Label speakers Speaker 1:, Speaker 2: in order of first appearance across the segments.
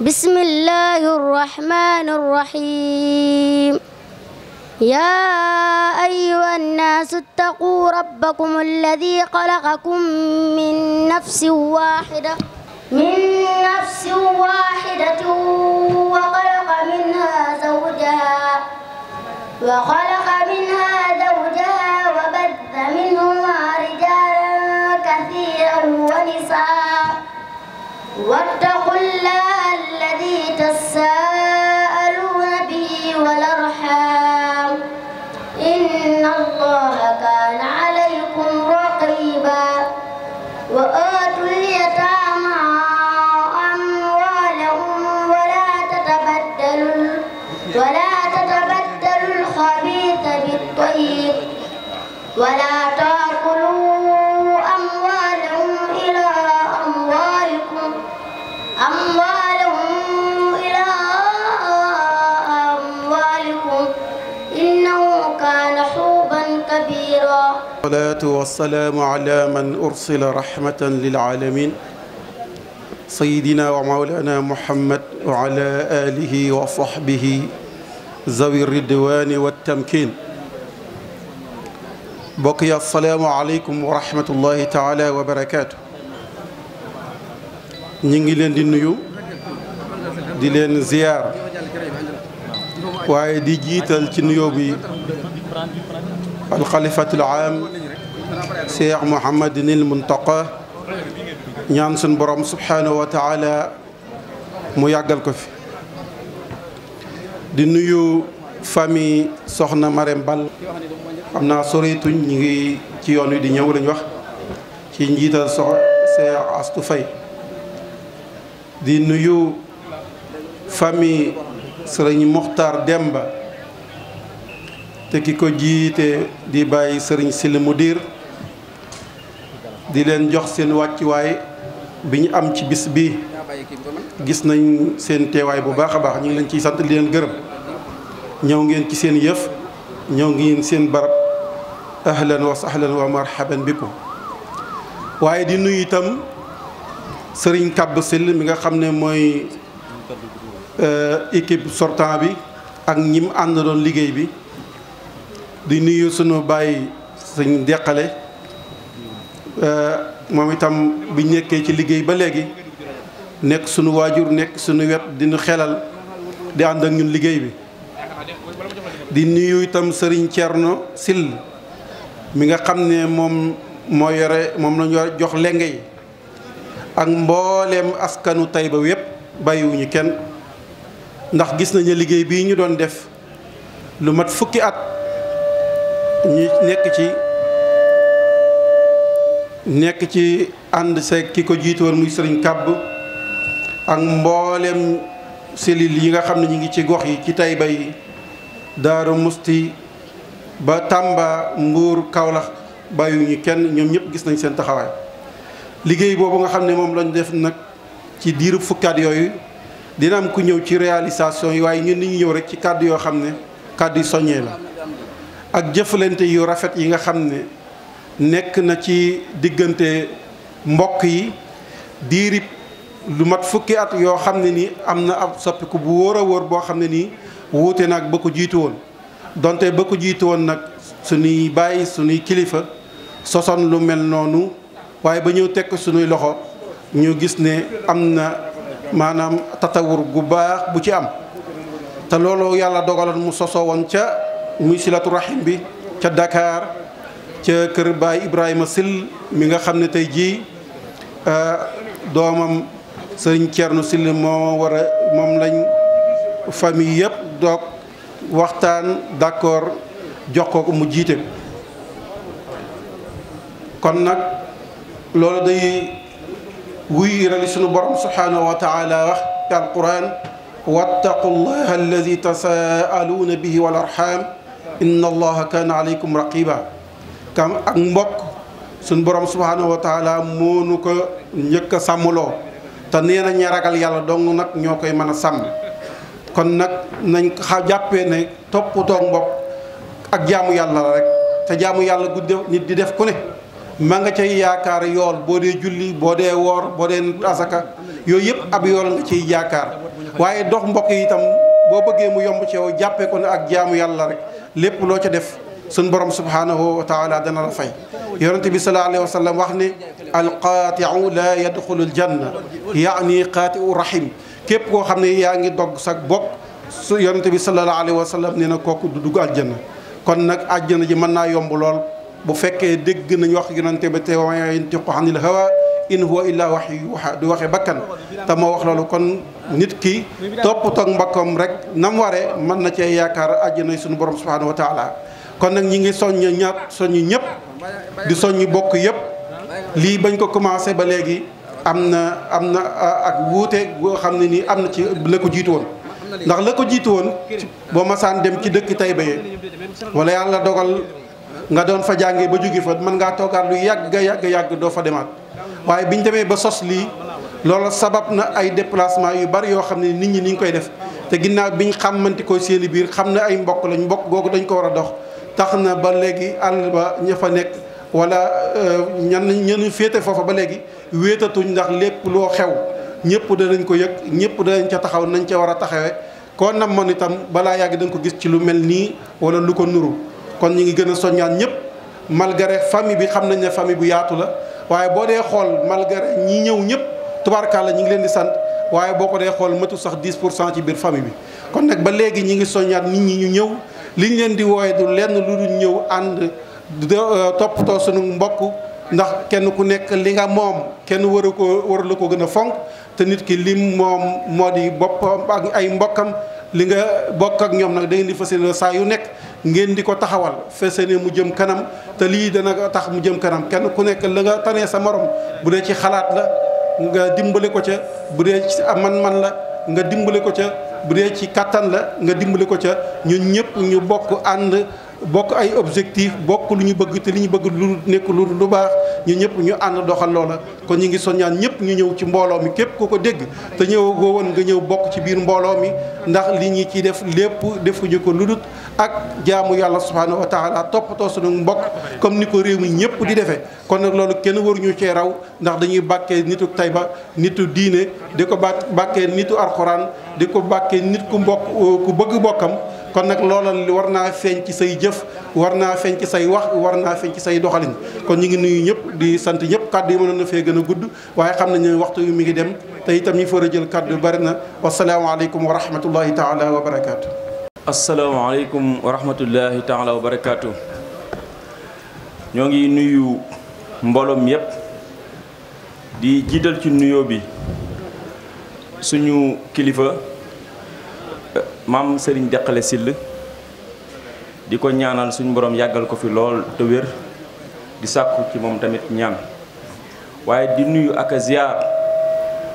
Speaker 1: بسم الله الرحمن الرحيم يا أيها الناس اتقوا ربكم الذي خلقكم من نفس واحدة من نفس واحدة وخلق منها زوجها وخلق منها زوجها وبث منهما رجالا كثيرا ونساء واتقوا الله يتساءلون به والأرحام إن الله كان عليكم رقيبا
Speaker 2: وآتوا اليتامى
Speaker 1: أموالهم ولا تتبدلوا ولا تتبدلوا الخبيث بالطيب ولا
Speaker 3: salaatu wassalaamu ala man ursila rahmatan lilaalamin sayidina wa maulana muhammad wa ala alihi wa sahbihi zawi ridwani wattamkin bokk yi assalaamu aleykum wa rahmatullahi taala wa barakaatu ñi ngi leen di nuyu di leen ziyaar waaye di jiital ci nuyoo bi alxalifatul am cheikh mouhamadinil muntaqa ñaan suñ borom subhanahu wa mu yàggal ko fi di nuyu famille soxna Marème Ball xam naa sorituñ ñi ngi ci yoon wi di ñëw lañ wax ci njiital sox cheikh Astou Faye di nuyu famille sëriñ Muxtaar Demba te ki ko jiite di bàyyi sëriñ mu diir di leen jox seen wàccuwaay bi ñu am ci bis bi gis nañ seen teewaay bu baax a baax ñu ngi leen ciy sant di leen gërëm ñëw ngeen ci seen yëf ñëw ngeen seen barab ahlan wa sahlan wa marhaban bikum waaye di nuyu itam sëriñ Kàbb Sylla bi nga xam ne mooy euh, équipe sorta bi ak ñim ànd doon liggéey bi di nuyu sunu bàyyi sëñ deqale eh, moom itam bi nekkee ci liggéey ba léegi nekk sunu waajur nekk sunu wet di nu xelal di ànd ñun liggéey bi di nuyu itam sëriñ Thierno Sill mi nga xam ne moom moo yore moom lañu war jox lenge ak mbooleem askanu Tayba wépp bàyyiwuñu kenn ndax gis nañu liggéey bi ñu doon def lu mat fukki at ñu nekk ci nekk ci ànd seeg ki ko jiitu muy sëriñ kàbb ak mboolem cellules yi nga xam ne ñu ngi ci gox yi ci Tayba bay Daaru Musti ba Tàmba Mbuur Kawlax bàyyiwuñu kenn ñoom ñëpp gis nañ seen taxawaay liggéey boobu nga xam ne moom lañu def nag ci diiru fukkaat yooyu dina am ku ñëw ci réalisation yi waaye ñun ni ñu ñëw rek ci kàdd yoo xam ne kàddu yu soññee la ak jëflante yu rafet yi nga xam ne nekk na ci diggante mbokk yi diirib lu mat fukki at yoo xam ne ni am na ab soppiku bu wóor a wóor boo xam ne nii wuute nag ba ko jiitu woon donte ba ko jiitu woon nag suñuy bàyyi suñuy kilifa sosoon lu mel noonu waaye ba ñëw tekk suñuy loxo ñu gis ne am na maanaam tatawur gu baax bu ci am te loolu yàlla dogaloon mu sosoo woon ca muy silatu rahim bi ca Dakar ca kër Baay Ibrahima Sill mi nga xam ne tey jii euh, doomam sëriñ Thierno Sill moo war moom lañ famille yëpp doog waxtaan d'accord jox ko mu jiite kon nag loolu day wuy rali sunu borom subhaanahu wa taala wax ci alquran wattaqullaha alladi tasaaluuna bihi wal arham inna allaha kaana aleykum raqiba kam ak mbokk suñ borom subhanahu wa taala moo nu ko njëkk a sàmmloo te nee na ragal yàlla dong nag ñoo koy mën a sàmm kon nag nañ xa jàppee ne toppatoo mbokk ak jaamu yàlla la rek te jaamu yàlla gudde nit di def ku ne ma nga cay yaakaar yool boo dee julli boo dee woor boo dee asaka yooyu yëpp ab yool nga ciy yaakaar waaye dox mbokk yi itam boo bëggee mu yomb ci yow jàppee ko ne ak jaamu yàlla rek lépp loo ca def suñ borom subhanahu wa taala dana la fay yonente bi sallallahu alayhi wa sallam wax ne alqaatiu la yadxulu aljanna yaani qaatiu rahim képp koo xam ne yaa ngi dog sag bokk su yonente bi sallallahu alayhi wa sallam nee na kooku du dugg aljanna kon nag àjjana ji mën naa yomb lool bu fekkee dégg nañ wax yonente bi te wa yantiqu la hawa in huwa illaa wax yu waxa du waxe bakkan te moo wax loolu kon nit ki topp toog mbakkam rek nam ware mën na cee yaakaar àjjana suñu borom subhanahu wa taala kon nag ñi ngi soññ ñaat soññ ñëpp di soññ bokk yépp lii bañ ko commencé ba léegi am na am na ak wuute goo xam ne nii am na ci la ko jiitu woon ndax la ko jiitu woon boo masaan dem ci dëkk Tayba wala yàlla dogal nga doon fa jàngee ba jóge fa mën ngaa toogaat lu yàgg yàgg yàgg doo fa demaat waaye bi ñu demee ba sos lii loola sabab na ay déplacement yu bari yoo xam ne nit ñi ni ñu koy def te ginnaaw biñ xàmmanti ko seen i biir xam na ay mbokk lañ mbokk googu dañ ko war a dox tax na ba léegi àll ba ña fa nekk wala euh, ñan ñenn féete foofa ba léegi wéetatuñ ndax lépp loo xew ñëpp danañ ko yëg ñëpp danañ ca taxaw nañ ca war a taxawee koo nam man itam balaa yàgg dañ ko gis ci lu mel nii wala lu ko nuru kon ñu ngi gën a soññaan ñëpp malgré famille bi xam nañ ne famille bu yaatu la waaye boo dee xool malgré ñi ñëw ñëpp tubaarkàlla ñi ngi leen di sant waaye boo ko dee xool matu sax 10 pour cent ci biir famille bi kon nag ba léegi ñi ngi soññaat nit ñi ñu ñëw li ñu leen di wooye du lenn lu dul ñëw ànd euh, toppatoo sunu mbokk ndax kenn ku nekk li nga moom kenn waru ko waru la ko gën a fonk te nit ki lim moom moo di boppam ak ay mbokkam li nga bokk ak ñoom nag da ngeen di fas yéene saa yu nekk ngeen di ko taxawal fas mu jëm kanam te lii dana tax mu jëm kanam kenn ku nekk la nga tanee sa morom bu dee ci xalaat la nga dimbali ko ca bu dee ci man-man la nga dimbali ko ca bu dee ci kattan la nga dimbali ko ca ñun ñëpp ñu bokk ànd bokk ay objectif bokk lu ñu bëgg te lu ñu bëgg lu nekk lu lu baax ñu ñëpp ñu ànd doxal loola kon ñu ngi soññaan ñëpp ñu ñëw ci mbooloo mi képp ku ko dégg te ñëw goo woon nga ñëw bokk ci biir mbooloo mi ndax li ñu ci def lépp defuñu ko lu ludut ak jaamu yàlla subhaanahu wa taala toppatoo sunu mbokk comme ni ko réew mi ñëpp di defee kon nag loolu kenn waruñu cee raw ndax dañuy bàkkee nitu tayba nitu diine di ko bàkkee nitu alxuraan di ko bàkkee nit ku mbokk ku bëgg bokkam kon nag loola war naa feeñ ci say jëf war naa feeñ ci say wax war naa feeñ ci say doxalin kon ñu ngi nuyu ñëpp di sant ñëpp kàddu yi ma na fee gën a gudd waaye xam nañ ne waxtu yu mi ngi dem te itam ñi fa jël kàddu bari na wasalaamaaleykum wa rahmatullahi taala wa barakaatu.
Speaker 4: asalaamaaleykum wa rahmatullahi taala wa barakaatu. ñoo ngi nuyu mbooloom yëpp di jiital ci nuyoo bi suñu kilifa. maam Serigne Jaxale Sill di ko ñaanal suñ boroom yàggal ko fi lool te wér di sàkku ci moom tamit ñaan waaye di nuyu ak a ziar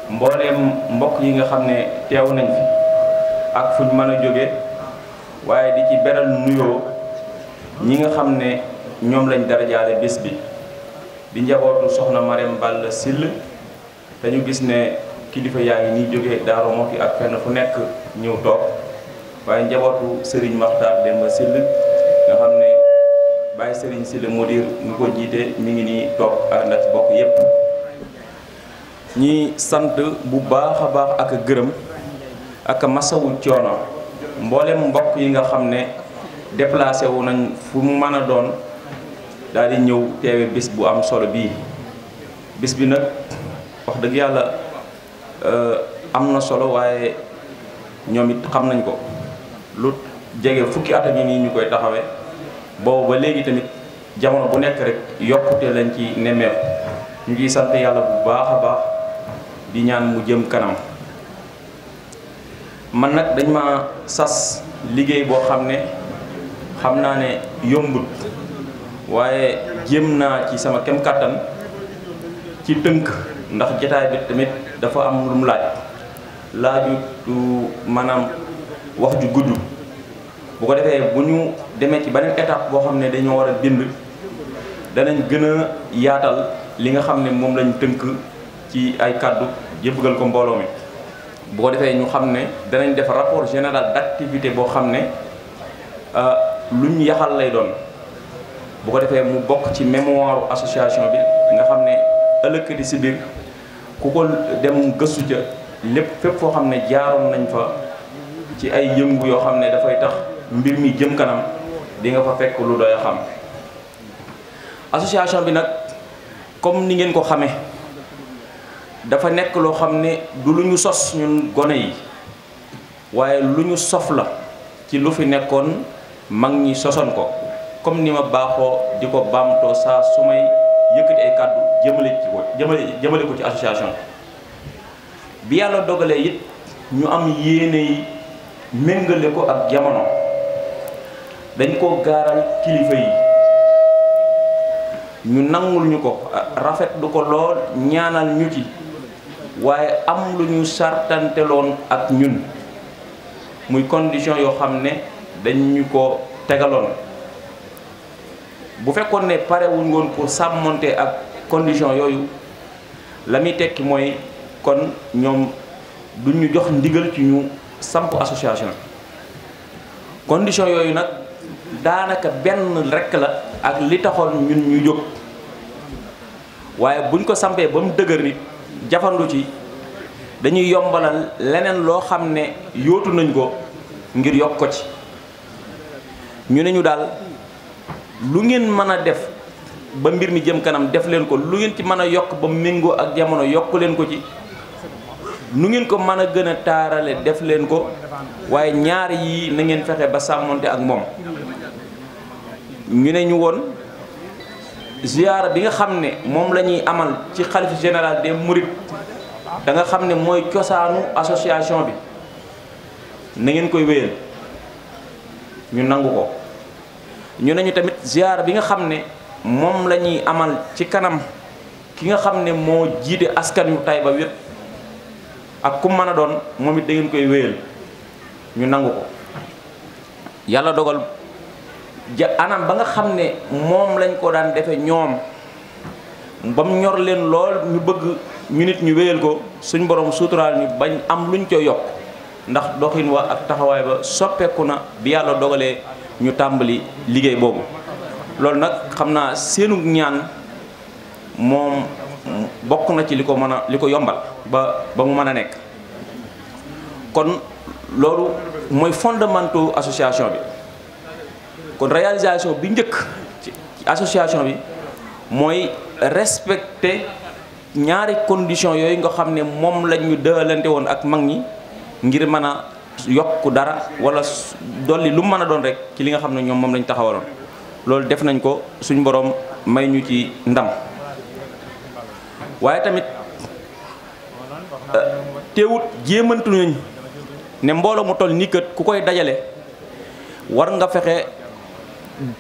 Speaker 4: mbooleem mbokk yi nga xam ne teew nañ fi ak fuñ mën a jóge waaye di ci beral nuyoo ñi nga xam ne ñoom lañ darajaale bés bi di njabootu soxna Marème Ball Sill te gis ne kilifa yaa ngi nii jóge Daaru Muxti ak fenn fu nekk ñëw toog waaye njabootu Serigne Makhtar Demba Syll nga xam ne Baye sëriñ Syll Mudir ñu ko jiite mi ngi ni toog ànd ak bokk yépp ñuy sant bu baax a baax ak gërëm ak masawu coono mboolem mbokk yi nga xam ne déplacé wu nañ fu mu mën a doon daal di ñëw teewe bis bu am solo bii bis bi nag wax dëgg yàlla. Euh, am na solo waaye ñoom it xam nañ ko lu jege fukki atam yi nii ñu koy taxawee boobu ba léegi tamit jamono bu nekk rek yokkute lañ ci nemmeeku ñu ngi sant yàlla bu baax a baax di ñaan mu jëm kanam man nag dañ ma sas liggéey boo xam ne xam naa ne yombut waaye jëm naa ci sama kem kàttan ci tënk ndax jataay bi tamit dafa am lu laaj laaju maanaam wax ju gudd bu ko defee bu ñu demee ci beneen étape boo xam ne dañoo war a bind danañ gën a yaatal li nga xam ne moom lañ tënk ci ay kàddu jëbgal ko mbooloo mi bu ko defee ñu xam ne danañ def rapport général d'activité boo xam ne euh, lu ñu yaxal lay doon bu ko defee mu bokk ci mémoire association bi nga xam ne ëllëg di si ku ko dem gëstu ca lépp fépp foo xam ne jaaroon nañ fa ci ay yëngu yoo xam ne dafay tax mbir mi jëm kanam dinga nga fa fekk lu doy xam association bi nag comme ni ngeen ko xamee dafa nekk loo xam ne du lu ñu sos ñun gone yi waaye lu ñu sof la ci lu fi nekkoon mag ñi sosoon ko comme ni ma baaxoo di ko baamtoo saa su may yëkkati ay kàddu jëmale ci ko jëmale jëmale ko ci association bi yàlla dogalee it ñu am yéene yi ko ak jamono dañ ko gaaral kilifa yi ñu nangul ñu ko rafet du ko lool ñaanal ñu ci waaye am lu ñu sartanteloon ak ñun muy condition yoo xam ne dañ ñu ko tegaloon bu fekkoon ne parewuñ woon pour sàmmonte ak condition yooyu la muy tekki mooy kon ñoom du ñu jox ndigal ci ñu samp association condition yooyu nag daanaka benn rekk la ak li taxoon ñun ñu jóg waaye buñ ko sampee ba mu dëgër nit jafandu ci dañuy yombalal leneen loo xam ne yootu nañ ko ngir yokk ko ci ñu ne ñu daal lu ngeen mën a def ba mbir mi jëm kanam def leen ko lu ngeen ci mën a yokk ba méngoo ak jamono yokk leen ko ci nu ngeen ko mën a gën a taarale def leen ko waaye ñaar yi na ngeen fexe ba sàmmonte ak moom ñu ne ñu woon ziyaara bi nga xam ne moom la ñuy amal ci xalif général des mourides da nga xam ne mooy cosaanu association bi na ngeen koy wéyal ñu nangu ko ñu ne ñu tamit ziyaara bi nga xam ne moom lañuy amal ci kanam ki nga xam ne moo jiite askan yu Tayba wépp ak ku mën a doon moom it da koy wéyal ñu nangu ko yàlla dogal ja anam ba nga xam ne moom lañ ko daan defe ñoom ba mu ñor leen lool ñu bëgg ñu nit ñu wéyal ko suñ borom suuturaal ñu bañ am luñ ca yokk ndax doxin wa ak taxawaay ba soppeeku na bi yàlla dogalee ñu tàmbali liggéey boobu loolu nag xam naa seenu ñaan moom bokk na ci li ko mën a li ko yombal ba ba mu mën a nekk kon loolu mooy fondamentaux association bi kon réalisation bi njëkk ci association bi mooy respecter ñaari condition yooyu nga xam ne moom la ñu dëalante woon ak mag ñi ngir mën a yokk dara wala dolli lu mën a doon rek ci li nga xam ne ñoom moom lañ taxawaloon loolu def nañ ko suñu boroom may ñu ci ndam waaye tamit euh, teewut jéemantu nañ ne mbooloo mu toll nii kat ku koy dajale war nga fexe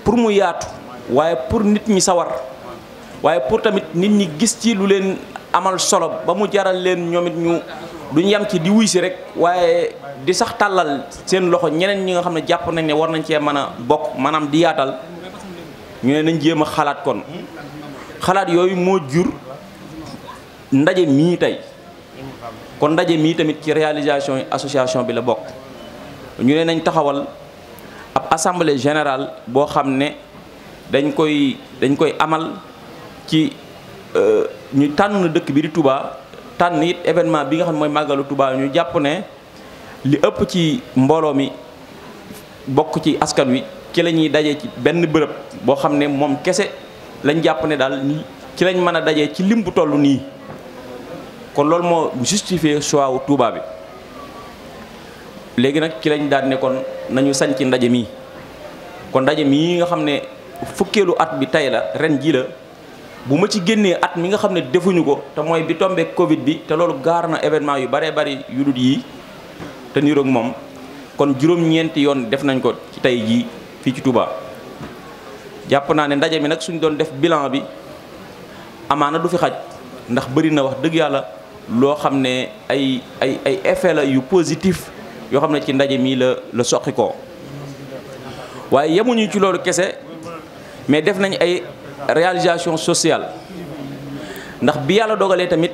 Speaker 4: pour mu yaatu waaye pour nit ñi sawar waaye pour tamit nit ñi gis ci lu leen amal solo ba mu jaral leen ñoom it ñu duñ yam ci di wuy si rek waaye di sax tàllal seen loxo ñeneen ñi nga xam ne jàpp nañ ne war nañ cee mën a bokk maanaam di yaatal ñu ne nañ jéem a xalaat kon xalaat yooyu moo jur ndaje mii tey kon ndaje mii tamit ci réalisation yi association bi la bokk ñu ne nañ taxawal ab assemblée général boo xam ne dañ koy dañ koy amal ci euh, ñu tànn dëkk bi di Touba tànn it événement bi nga xam ne mooy màggalu Touba ñu jàpp ne li ëpp ci mbooloo mi bokk ci askan wi ci la ñuy dajee ci benn bërëb boo xam ne moom kese lañ jàpp ne daal ci lañ mën a dajee ci lim bu toll nii kon loolu moo justifié choix wu Touba bi léegi nag ci lañ daan nekkoon nañu sañ ci ndaje mii kon ndaje mii nga xam ne fukkeelu at bi tey la ren jii la bu ma ci génnee at mi nga xam ne defuñu ko te mooy bi tombé Covid bi te loolu gaar na événement yu baree bari yu dul yii te niroog moom kon juróom-ñeenti yoon def nañ ko ci tey jii. fii ci tubaa jàpp naa ne ndaje mi nag suñ doon def bilan bi amaana du fi xaj ndax bëri na wax dëgg yàlla loo xam ne ay ay ay effet la yu positif yoo xam ne ci ndaje mii la la soqi ko waaye yemuñu ci loolu kese mais def nañ ay réalisation sociale ndax bi yàlla dogalee tamit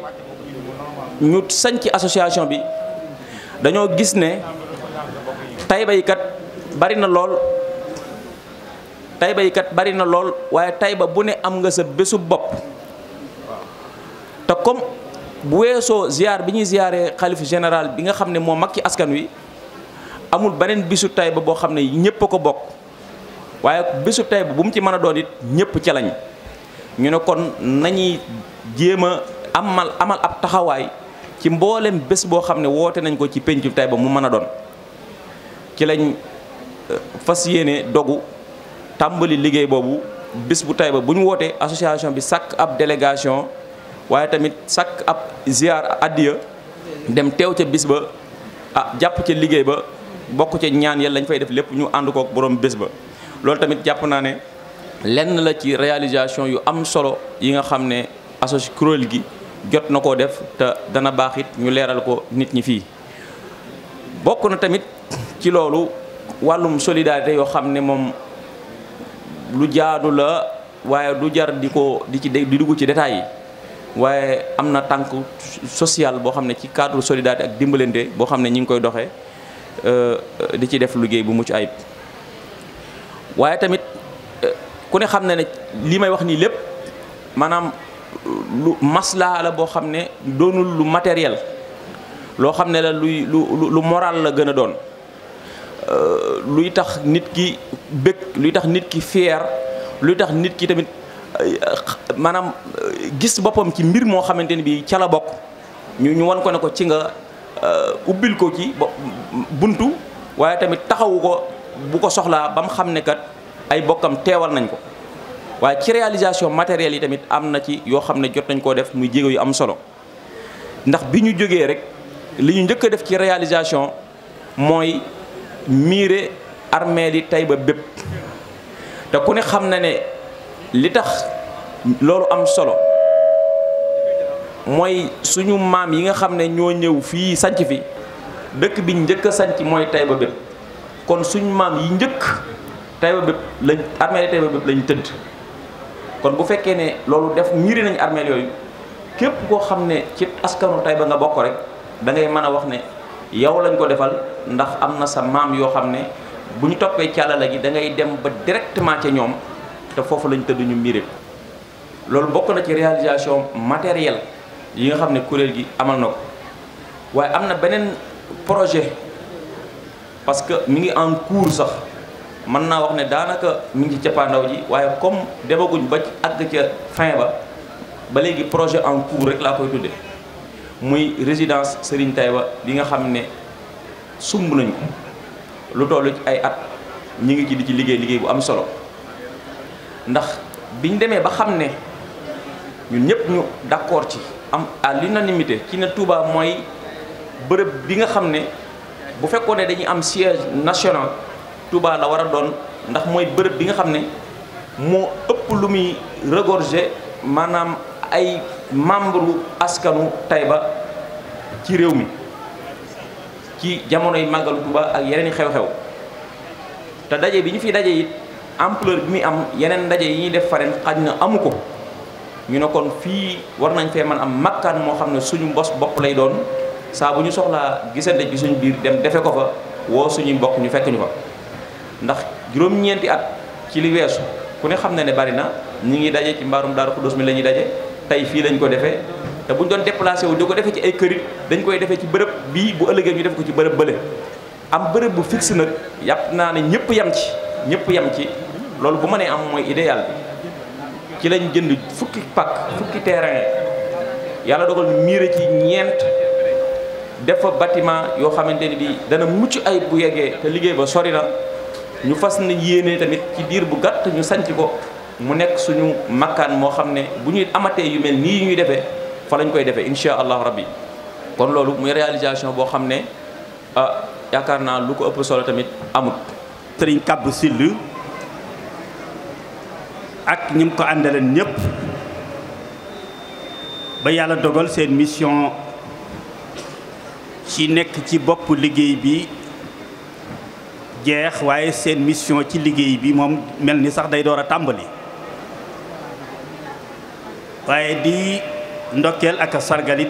Speaker 4: ñu sañ ci association bi dañoo gis ne Taïba yi kat bari lool Tayba yi kat bari na lool waaye Tayba bu ne am nga sa bésu bopp te comme bu weesoo ziar bi ñuy ziaree xalif général bi nga xam ne moo mag ci askan wi amul beneen bisu Tayba boo xam ne ñëpp a ko bokk waaye bésu Tayba bu mu ci mën a doon it ñëpp ca lañ ñu ne kon nañuy jéem a amal amal ab taxawaay ci mboolem bés boo xam ne woote nañ ko ci péncu Tayba mu mën a doon ci lañ euh, fas yéene dogu. tàmbali liggéey boobu bis bu ba bu ñu wootee association bi sàkk ab délégation waaye tamit sàkk ab ziar addiya dem teew ca bis ba ah, jàpp ca liggéey ba bokk ca ñaan yàlla lañ fay def lépp ñu ànd kook boroom bés ba loolu tamit jàpp naa ne lenn la ci réalisation yu am solo yi nga xam ne association kuréel gi jot na koo def te dana baaxit ñu leeral ko nit ñi fii bokk na tamit ci loolu wàllum solidarité yoo xam ne moom lu jaadu la waaye du jar di ko di ci di dugg ci détails yi waaye am na tànk social boo xam ne ci cadre solidarité ak dimbalante boo xam ne ñi ngi koy doxee euh, di ci def liggéey bu mucc ayib waaye tamit ku ne xam ne ne li may wax nii lépp maanaam lu maslaa la boo xam ne doonul lu matériel loo xam ne la luy lu lu moral la gën a doon Euh, luy tax nit ki bëgg luy tax nit ki fier luy tax nit ki tamit euh, maanaam euh, gis boppam ci mbir moo xamante ni bii ca la bokk ñu ñu wan ko ne ko ci nga ubbil ko ci buntu waaye tamit taxawu ko bu ko soxlaa ba mu xam ne kat ay bokkam teewal nañ ko waaye ci réalisation matérielle yi tamit am na ci yoo xam ne jot nañ koo def muy jéego yu am solo ndax bi ñu jógee rek li ñu njëkk a def ci réalisation mooy miire armée li Taïba bépp te ku ne xam na ne li tax loolu am solo mooy suñu maam yi nga xam ne ñoo ñëw fii sanc fi dëkk bi njëkk sañc sanc mooy Taïba bépp kon suñu maam yi njëkk Taïba bépp lañ armée li Taïba bépp lañ tëdd kon bu fekkee ne loolu def miire nañ armée yooyu képp koo xam ne ci askanu ba nga bokk rek da ngay mën a wax ne yow lañ ko defal ndax am na sa maam yoo xam ne bu ñu toppee càllala gi da ngay dem ba directement ca ñoom te foofu lañ tëdd ñu miiré loolu bokk na ci réalisation matérielle yi nga xam ne kuréel gi amal na ko waaye am na beneen projet parce que mi ngi en cours sax mën naa wax ne daanaka mi ngi ci cappaandaw ji waaye comme demaguñ ba àgg ca fin ba ba léegi projet en cours rek laa koy tuddee. muy résidence Serigne ba bi nga xam ne sumb nañ lu tollu ay at ñu ngi ci di ci liggéey liggéey bu am solo ndax biñ demee ba xam ne ñun ñëpp ñu d'accord ci am à l'unanimité ci ne Touba mooy bërëb bi nga xam ne bu fekkoon ne dañuy am siège national Touba la war a doon ndax mooy bërëb bi nga xam ne moo ëpp lu muy regorger maanaam ay membre askanu Taïba ci réew mi ci jamono jamonoy màggalu Tuuba ak yeneen yi xew-xew te daje bi ñu fi daje it ampleur bi muy am yeneen ndaje yi ñuy def faren xaj na amu ko ñu ne kon fii war nañ fee mën am makkaan moo xam ne suñu mbos bopp lay doon saa bu ñu soxlaa gisante ci suñu biir dem defe ko fa woo suñuy mbokk ñu fekk ñu fa ndax juróom-ñeenti at ci li weesu ku ne xam na ne bari na ñu ngi daje ci mbaarum Daaru Xuddoos mi lañuy daje tey fii lañ ko defee te bu ñu doon déplacé wu di ko defee ci ay kërit dañ koy defee ci bërëb bii bu ëllëgee ñu def ko ci bërëb bële am bërëb bu fixe nag yàpp naa ne ñëpp yam ci ñëpp yam ci loolu bu ma nee am mooy idéal bi ci lañ jënd fukki pak fukki terrain yàlla dogal miire ci ñeent def fa bâtiment yoo xamante ni bii dana mucc ay bu yeggee te liggéey ba sori na ñu fas na yéene tamit ci diir bu gàtt ñu sanc ko mu nekk suñu makkaan moo xam ne bu ñuy amatee yu mel nii ñuy defee fa lañ koy defee incha allahu rabbi kon loolu muy réalisation boo xam ne ah yaakaar naa lu ko ëpp solo tamit amut. tëriñ Kab Sill
Speaker 2: ak ñi mu ko àndaleen ñëpp ba yàlla dogal seen mission ci nekk ci bopp liggéey bi. jeex waaye seen mission ci liggéey bi moom mel ni sax day door a tàmbali waaye di ndokkeel ak a sargal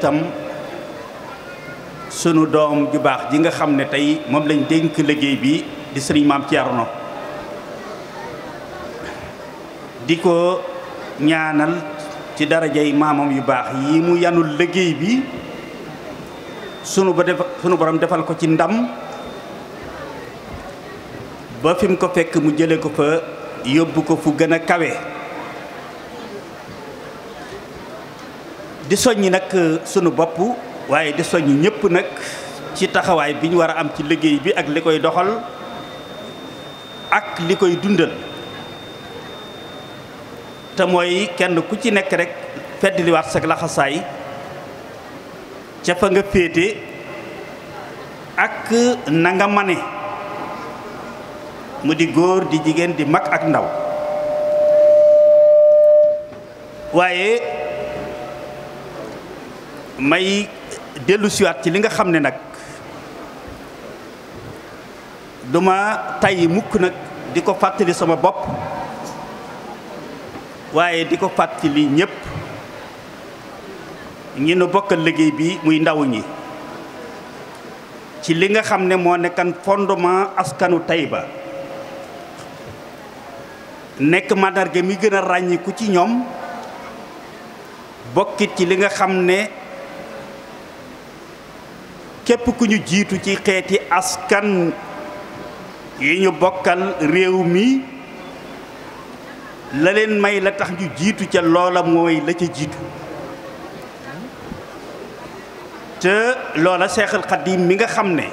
Speaker 2: sunu doom ju baax ji nga xam ne tey moom lañ dénk liggéey bi di sëriñ maam Thierno di ko ñaanal ci darajay maamam yu baax yi mu yanul liggéey bi sunu ba sunu borom defal ko ci ndam ba fi mu ko fekk mu jële ko fa yóbbu ko fu gën a kawe di soññi nag euh, sunu bopp waaye di soññ ñëpp nag ci taxawaay bi ñu war a am ci liggéey bi ak li koy doxal ak li koy dundal te mooy kenn ku ci nekk rek feddliwaat sa laxasaay ca fa nga féete ak na nga mane mu di góor di jigéen di mag ak ndaw waaye may dellu ci li nga xam ne nag duma tey mukk nag di ko fàttali sama bopp waaye di ko fàttali ñépp ñi nu bokkal liggéey bi muy ndaw ñi ci li nga xam ne moo nekkan fondement askanu Taïba nekk mandarga mi gën a ràññiku ci ñoom bokkit ci li nga xam ne képp ku ñu jiitu ci xeeti askan yi ñu bokkal réew mi la may la tax ñu jiitu ca loola mooy la ca jiitu te loola Seexal Xadiim mi nga xam ne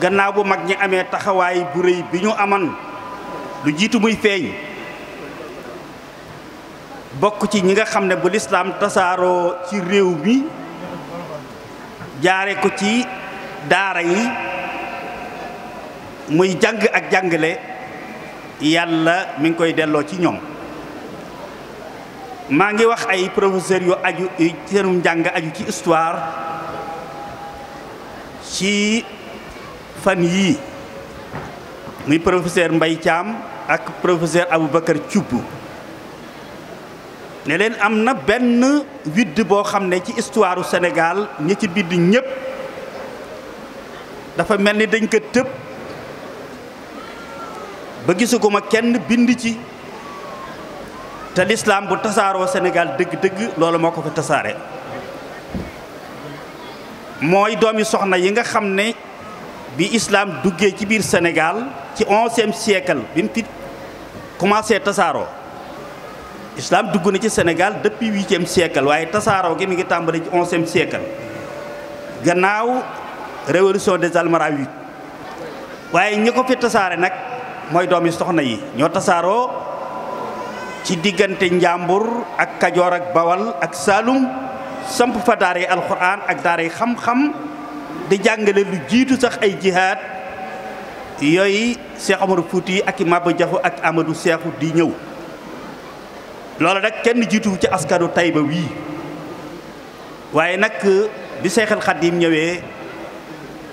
Speaker 2: gannaaw bu mag ñi amee taxawaay bu bi ñu aman lu jiitu muy feeñ bokk ci ñi nga xam ne bu lislaam tasaaroo ci réew mi jaare ko ci daara yi muy jàng ak jàngale yàlla mi ngi koy delloo ci ñoom maa ngi wax ay professeur yu aju yu seenum njàng aju ci histoire ci fan yi muy professeur Mbaye Thiam ak professeur Aboubacar Thioub ne leen am na benn widd boo xam ne ci histoire senegaal Sénégal ñi ci bidd ñépp dafa mel ni dañ ko tëb ba gisuguma kenn bind ci te lislaam bu tasaaroo Sénégal dëgg-dëgg loolu moo ko fa tasaare mooy doomi soxna yi nga xam ne bi islaam duggee ci biir Sénégal ci onzième siècle bi mu fi commencé tasaaroo islam dugg na ci Sénégal depuis huitième siècle waaye tasaaroo gi mu ngi tàmbali ci onzième siècle gannaaw révolution des Almoravides waaye ñi ko fi tasaare nag mooy doomi soxna yi ñoo tasaaroo ci diggante njàmbur ak kajoor ak bawal ak saalum samp fa daaray alxuraan ak daaray xam-xam di jàngale lu jiitu sax ay jihaad yooyu Cheikh Omar Fouti ak i Jaxu ak Amadou Seexu di ñëw loolu nag kenn jiitu ci askanu Tayba wii waaye nag bi Seexal Xadiim ñëwee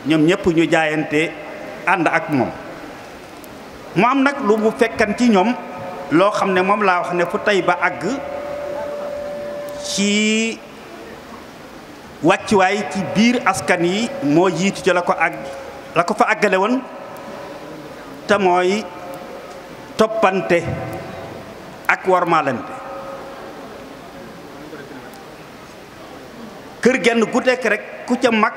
Speaker 2: ñoom ñëpp ñu jaayante ànd ak moom mu am nag lu mu fekkan ci ñoom loo xam ne moom laa wax ne fu ba àgg ci wàccuwaay ci biir askan yi moo jiitu ci la ko àgg la ko fa àggale woon te mooy toppante ak warmaalante kër genn gu nekk rek ku ca mag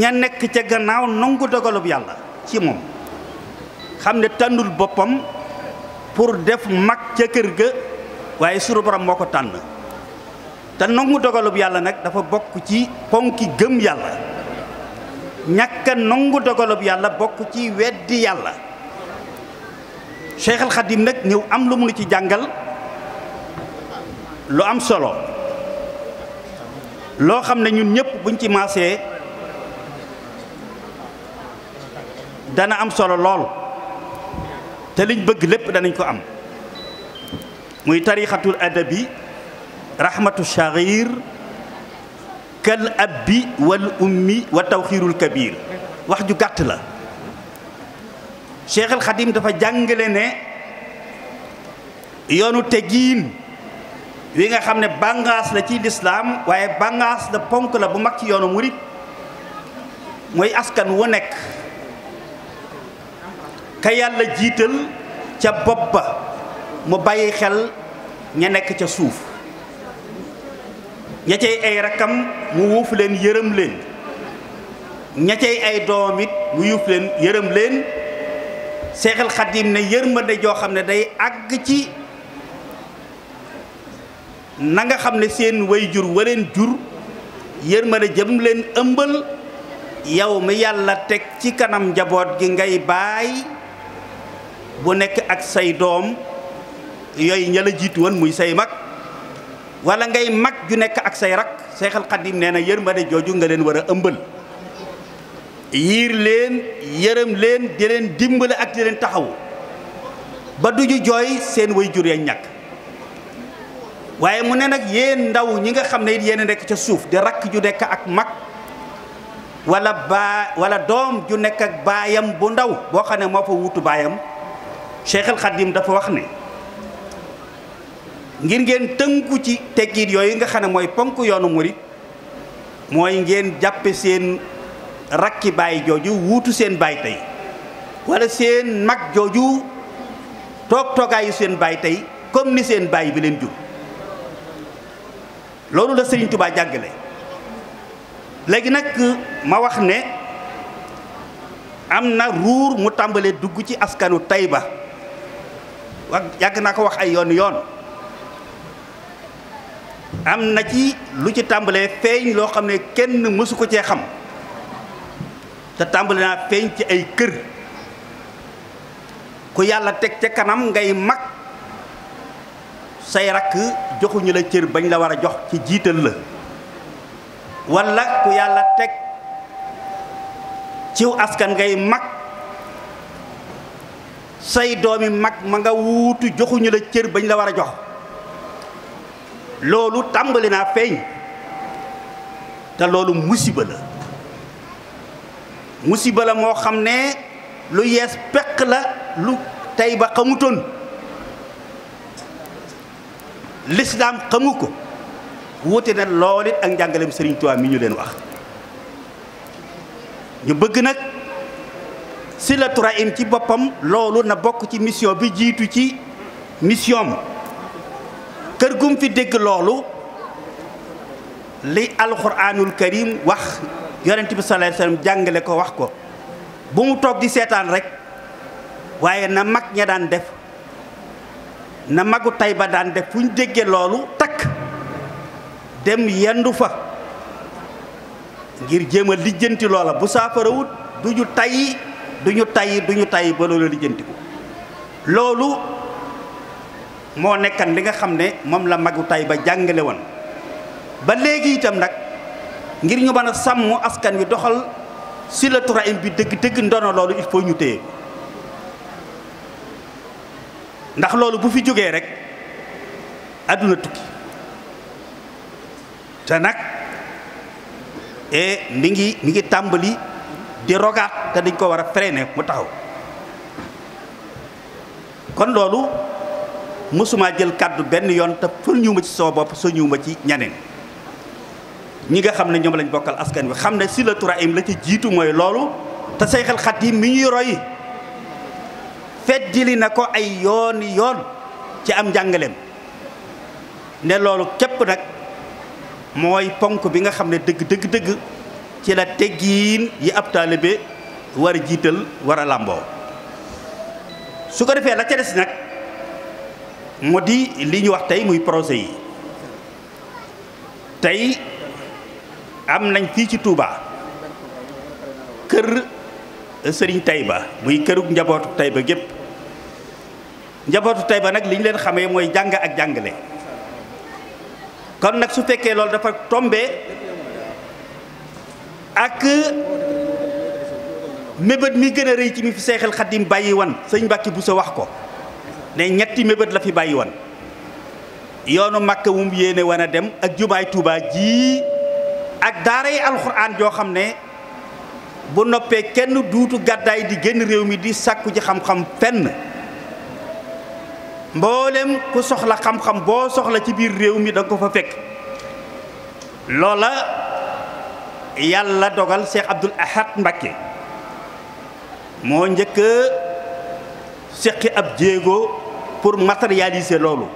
Speaker 2: ña nekk ca gannaaw nangu dogalub yàlla ci moom xam ne tànnul boppam pour def mag ca kër ga waaye suru borom moo ko tànn te nangu dogalub yàlla nag dafa bokk ci ponki gëm yàlla ñàkk a nangu dogalub yàlla bokk ci weddi yàlla Cheikh Al nag ñëw am lu mu ci jàngal lu am solo loo xam ne ñun ñëpp buñ ci maasee dana am solo lool te liñ bëgg lépp danañ ko am muy tarixatul adabi rahmatu sharir kal abbi wal ummi wa tawxiirul kabir wax ju gàtt la Cheikh Xadim dafa jàngale ne yoonu tegiin wi nga xam ne bàngaas la ci lislaam waaye bàngaas la ponk la bu mag ci yoonu murit mooy askan wu nekk ka yàlla jiital ca bopp ba mu bàyyi xel ña nekk ca suuf ña cay ay rakkam mu wuuf leen yërëm leen ña cay ay doomit mu yuuf leen yërëm leen seexal xadim ne yërmande joo xam ne day àgg ci nanga xam ne seen way jur waleen jur yërmande jëm leen ëmbal yow mi yàlla teg ci kanam njaboot gi ngay baay bu nekk ak say doom yooyu ña la jiitu woon muy say mag wala ngay mag ju nekk ak say rak Seexal Xadim nee na yërmande jooju nga leen war a ëmbal yiir leen yërëm leen di leen dimbale ak di leen taxawu ba du ñu jooy seen way jur ya ñag waaye mu ne nag yéen ndaw ñi nga xam ne it yéen a nekk ca suuf di rakk ju nekk ak mag walla baa wala doom ju nekk ak baayam bu ndaw boo xam ne moo fa wutu baayam Cheikh al Khadim dafa wax ne ngir ngeen tënku ci teggit yooyu nga xam ne mooy ponk yoonu murit mooy ngeen jàppe seen rakki baay jooju wuutu seen baay tey wala seen mag jooju toog toogaayu seen baay tey comme ni seen baay bi leen jur loolu la Serigne Touba jàggale léegi nag ma wax ne am na ruur mu tàmbalee dugg ci askanu Taïba wax yàgg naa ko wax ay yoon yoon am na ci lu ci tàmbalee feeñ loo xam ne kenn mësu ko cee xam te tàmbale naa feeñ ci ay kër ku yàlla teg ca kanam ngay mag say rakk joxuñu la cër bañ la war a jox ci jiital la wala ku yàlla teg ciw askan ngay mag say doomi mag ma nga wuutu joxuñu la cër bañ la war a jox loolu tàmbali naa feeñ te loolu musiba la musiba la moo xam ne lu yees peq la lu tey ba xamutoon lislaam xamu ko wuute na lool ak njàngaleem Sëriñ Tuubaa mi ñu leen wax ñu bëgg nag silatu rahim ci boppam loolu na bokk ci mission bi jiitu ci mission kër gum fi dégg loolu li alxuraanul karim wax yonent bi sallallahu alayhi jàngale ko wax ko bu mu toog di seetaan rek waaye na mag ña daan def na magu tay ba daan def fu ñu déggee loolu takk dem yendu fa ngir jéem a lijjanti loola bu saafarawut du ñu tay du ñu tayyi du ñu tayyi ba loola lijjanti loolu moo nekkan li nga xam ne moom la magu tay ba jàngale woon ba léegi itam nag ngir ñu mën a sàmm askan wi doxal si la turaim bi dëgg dëgg ndono loolu il faut ñu téye ndax loolu bu fi jógee rek àdduna tukki te nag e mi ngi mi ngi tàmbali di rogaat te dañ ko war a freiner mu taxaw kon loolu mësuma jël kàddu benn yoon te fël ñu ci soo bopp soo ma ci ñeneen ñi nga xam ne ñoom lañ bokkal askan wi xam ne silatu rahim la ci jiitu mooy loolu te Seexal Xadiim mi ñuy roy feddili na ko ay yooni yoon ci am njàngaleem ne loolu képp nag mooy ponk bi nga xam ne dëgg dëgg dëgg ci la teggiin yi ab taalibe war a jiital war a làmboo su ko defee la ca nag moo di li ñu wax tey muy projet yi tey am nañ fii ci tuubaa kër sëriñ Taïba muy kërug njabootu Taïba gépp njabootu tey ba nag li ñu leen xamee mooy jàng ak jàngale kon nag su fekkee loolu dafa tombe ak mébét mi gën a rëy ci mi fi seexal xaddim bàyyi wan sëñ bu sa wax ko ne ñetti mébét la fi bàyyi wan yoonu Makka wum yéene wan a dem ak jumaay Tuubaa ji ak daaray alxuraan joo xam ne bu noppee kenn duutu gàddaay di génn réew mi di sàkku ji xam-xam fenn mboolem ku soxla xam-xam boo soxla ci biir réew mi da ko fa fekk loola yàlla dogal Cheikh Abdoul Ahad Mbacké moo njëkk a seqi ab jéego pour matérialiser loolu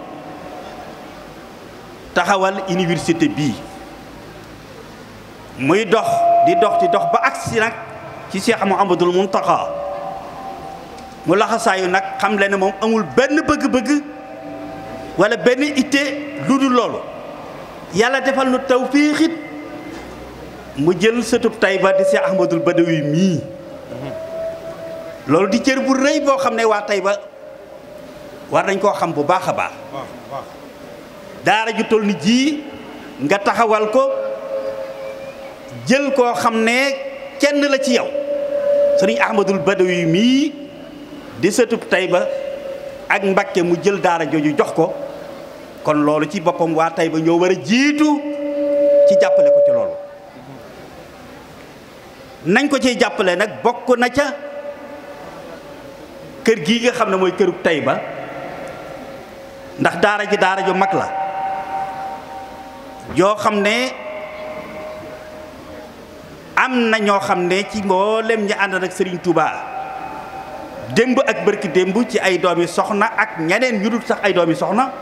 Speaker 2: taxawal université bii muy dox di dox di dox ba agsi nag ci Cheikh Mouhamadoul Mountakha mu laxasaayu nag xam le ne moom amul benn bëgg-bëgg wala benn itte lu dul loolu yàlla defal nu tawfiix it mu jël sëtu sëtub Tayba di si Ahmadul Badawi mii loolu di cër bu rëy boo xam ne waa Tayba war nañ koo xam bu baax a baax daara ju toll ni ji nga taxawal ko jël koo xam ne kenn la ci yow sëriñ Ahmadul Badawi mii di tey ba ak Mbakke mu jël daara jooju jox ko kon loolu ci boppam waa Tayba ñoo war a jiitu ci jàppale ko ci loolu nañ ko ciy jàppale nag bokk na ca kër gi nga xam ne mooy kërub Tayba ndax daara ji daara ju mag la yoo xam ne am na ñoo xam ne ci mboolem ñi ànd ak Serigne tubaa démb ak bërki démb ci ay doomi soxna ak ñeneen ñu dul sax ay doomi soxna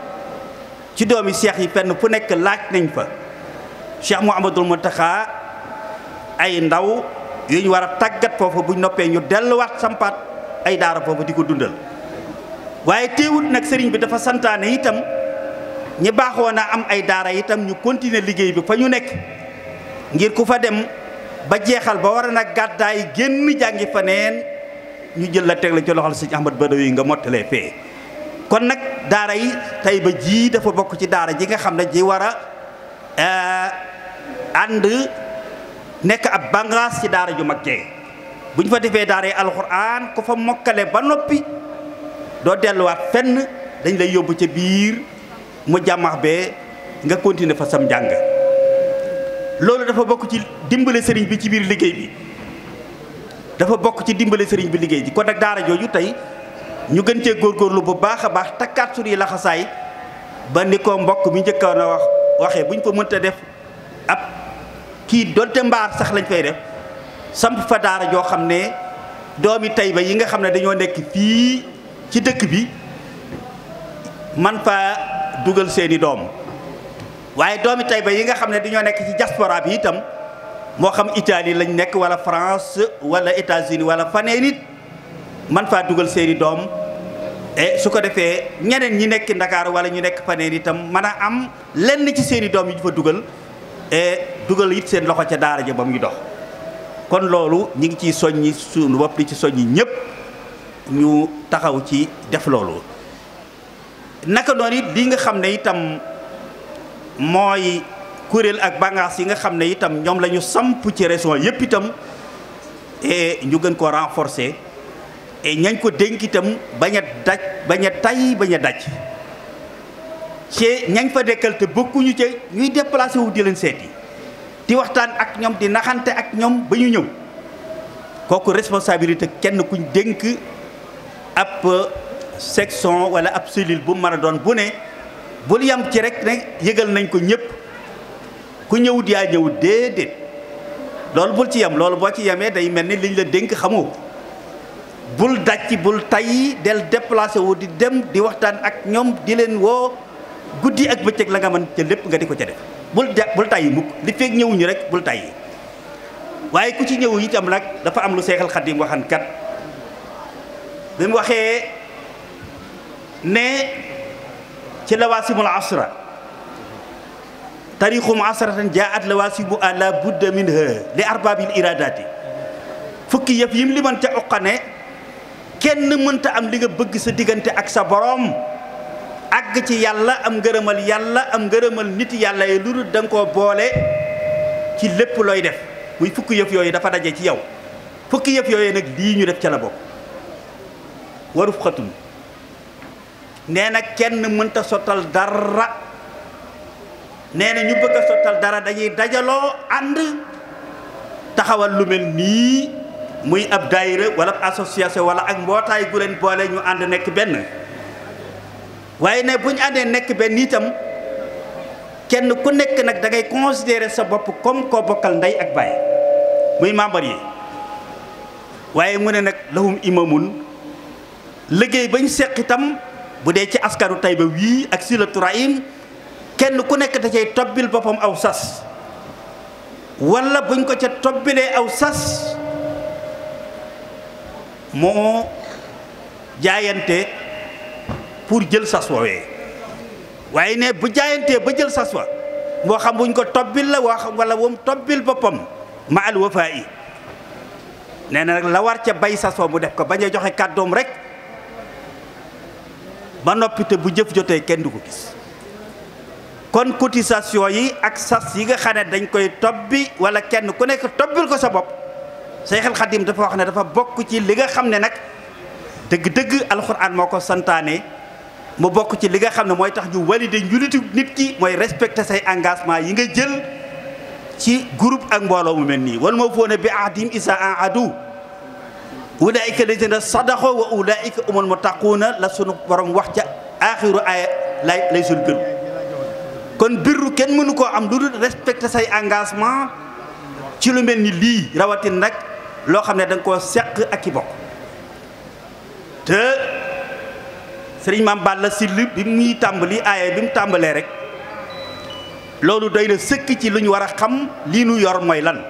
Speaker 2: ci doomi seex yi fenn fu nekk laaj nañ fa Cheikh Mouhamadul Mountakha ay ndaw yu ñu war a tàggat foofu buñ noppee ñu delluwaat sampaat ay daara foofu di ko dundal waaye teewut nag sëriñ bi dafa santaane itam ñi baaxoo a am ay daara itam ñu continuer liggéey bi fa ñu nekk ngir ku fa dem ba jeexal ba war a nag gàddaay génn jàngi fa neen ñu jël la teg la ci loxol sëñ Ahmad Badawi nga mottalee fee kon nag daara yi tey ba jii dafa bokk ci daara ji nga xam ne ji war a eh, ànd nekk ab bangaas ci daara ju mag jee bu ñu fa defee daara yi alxuraan ku fa mokkale ba noppi doo delluwaat fenn dañ lay yóbbu ca biir mu jàmmax bee nga continuer fa sam njàng loolu dafa bokk ci dimbale sëriñ bi ci biir liggéey bi dafa bokk ci dimbali sëriñ bi liggéey ji kon nag daara jooju tey ñu gën cee góorlu bu baax a baax takkaat suñuy laxasaay ba ni ko mbokk mi njëkk a wax waxee bu ñu ko mënta def ab kii donte mbaar sax lañ fay def samp fa daara joo xam ne doomi ba yi nga xam ne dañoo nekk fii ci dëkk bi man fa seeni doom waaye doomi Tayba yi nga xam ne dañoo nekk ci diaspora itam moo xam Italie lañ nekk wala France wala États-Unis wala faneen it man faa dugal seeni doom su ko defee ñeneen ñi nekk ndakaar wala ñu nekk faneen itam mën a am lenn ci seeni doom yi ñu fa dugal e dugal it seen loxo ca daara ja ba muy dox kon loolu ñi ngi ciy soññi suñu bopp li ci soññi ñëpp ñu taxaw ci def loolu naka noonu it li nga xam ne itam mooy kuréel ak bànqaas yi nga xam ne itam ñoom la ñu samp ci région yépp itam et ñu gën ko renforcer et ñañ ko dénk itam bañ a daj bañ a tay bañ a daj ci ñañ fa dekkal te bokkuñu ci ñuy déplacé wu di leen seeti di waxtaan ak ñoom di naxante ak ñoom ba ñu ñëw kooku responsabilité kenn kuñ dénk ab euh, section wala ab cellule bu mën a doon bu ne bul yam ci rek ne yëgal nañ ko ñëpp ku ñëwut yaa ñëw déedéet loolu bul ci yem loolu boo ci yemee day mel ni liñ la dénk xamoo bul dàcc bul tayyi del déplacé wu di dem di waxtaan ak ñoom di leen woo guddi ak bëccëg la nga mën ca lépp nga di ko ca def bul bul tayyi mukk li feeg ñëwuñu rek bul tayyi waaye ku ci ñëw itam nag dafa am lu seexal xadim waxan kat bi mu waxee ne ci lawaasimul asra tariqu muasaratan jaat la waasibu la budda minha li arbaabil iradaati fukki yëpp yim liman ca uqane kenn mënta am li nga bëgg sa diggante ak sa boroom àgg ci yàlla am ngërëmal yàlla am ngërëmal nit yàlla yi lu dul da ko boole ci lépp looy def muy fukki yëf yooyu dafa daje ci yow fukki yëf yooyu nag lii ñu def ca la bokk waruf xatun nee na kenn mënta sottal dara nee na ñu bëgg a sottal dara dañuy dajaloo ànd taxawal lu mel nii muy ab daayira wala ab association wala ak mbootaay gu leen boole ñu ànd nekk benn waaye ne bu ñu àndee nekk benn itam kenn ku nekk nag dangay ngay considérer sa bopp comme koo bokkal ndey ak baay muy membre yi waaye mu ne nag lahum imamun liggéey bañ seq itam bu dee ci askanu Tayba wii ak Silatu Rahim kenn ku nekk da cay tobbil boppam aw sas walla buñ ko ca tobbilee aw sas moo jaayante pour jël sas woowee waaye ne bu jaayantee ba jël sas wa moo xam wuñ ko tobbil la wax walla wam tobbil boppam ma al wafaa yi nee na nag la war ca bay sas wa mu def ko bañ a joxe kàddoom rek ba noppi te bu jëf jotee kenn du ko gis kon cotisation yi ak sas yi nga xam ne dañ koy tobbi wala kenn ku nekk tobbil ko sa bopp Seexal Xadim dafa wax ne dafa bokk ci li nga xam ne nag dëgg-dëgg alxuraan moo ko santaane mu bokk ci li nga xam ne mooy tax ñu walide njulitu nit ki mooy respecté say engagement yi nga jël ci groupe ak mbooloo mu mel nii wal moo foo ne bi ahdim isa ahadu ulaayika lazina sadaxo wa ulaayika umul na la sunu borom wax ca aaxiru aaya lay lay sul kon birru kenn mënu koo am lu dul respecter say engagement ci lu mel ni lii rawatin nag loo xam ne da ko koo seq ak i bokk te sëriñ Maam Balla Syll bi muy tàmbali aaye bi mu tàmbalee rek loolu doy na sëkk ci lu ñu war a xam lii nu yor mooy lan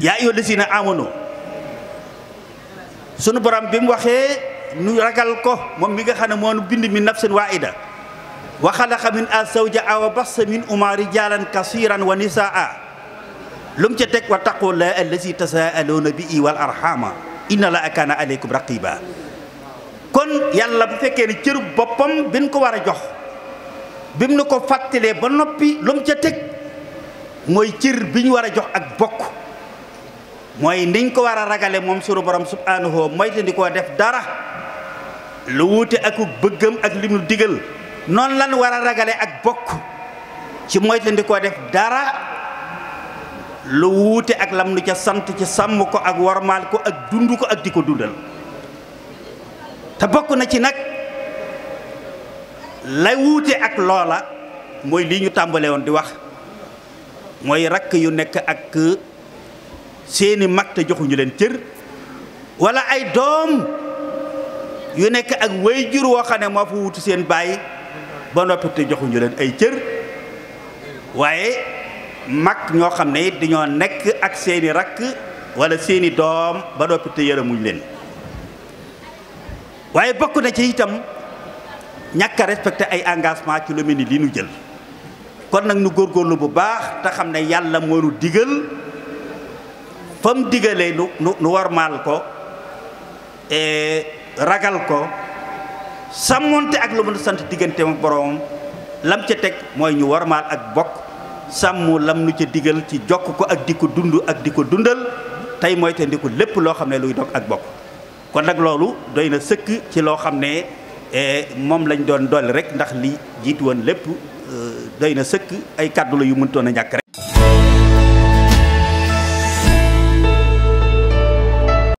Speaker 2: yaa ayyuha llazina amanu sunu borom bi mu waxee nu ragal ko moom bi nga xam ne moo nu bind mi waa waahida wa xalaqa min a zawjaha wa bassa min uma rijalan kasiran wa nisaa lu mu ca teg wa taqu la allazi tasaaluuna bihi wal arhama inna la akaana aleykum raqiba kon yàlla bu fekkee ne cëru boppam bi ñu ko war a jox bi mu nu ko fàttalee ba noppi lu ca teg mooy cër bi ñu war a jox ak bokk mooy niñ ko war a ragale moom sunu borom subhanahu moytandi koo def dara lu wuute ak bëggam ak li mu digal noonu lan war a ragale ak bokk ci moytandikoo def dara lu wuute ak lam nu ca sant ci sàmm ko ak warmaal ko ak dund ko ak di ko dundal te bokk na ci nag lay wuute ak loola mooy lii ñu tàmbale woon di wax mooy rakk yu nekk ak seeni mag te joxuñu leen cër wala ay doom yu nekk ak wayjur woo xam ne moo fa wuutu seen bàyyi ba noppi joxuñu leen ay cër waaye mag ñoo xam ne it dañoo nekk ak seeni rakk wala seeni doom ba noppi te leen waaye bokk na ci itam ñàkk a respecté ay engagement ci lu mel ni li nu jël kon nag góor góorlu bu baax te xam ne yàlla moo nu digal fa mu digalee nu nu warmaal ko eh, ragal ko sàmmoonte ak lu mën sant digganteem ak boroom lam ca teg mooy ñu warmaal ak bokk sàmm lam nu ca digal ci jokk ko ak di ko dund ak di ko dundal tey mooy te ndiku lépp loo xam ne luy dog ak bokk kon nag loolu doy na sëkk ci loo xam ne e, moom lañ doon dolli rek ndax li jiitu woon lépp e, doy na sëkk ay kàddu la yu mëntoon a ñàkk rek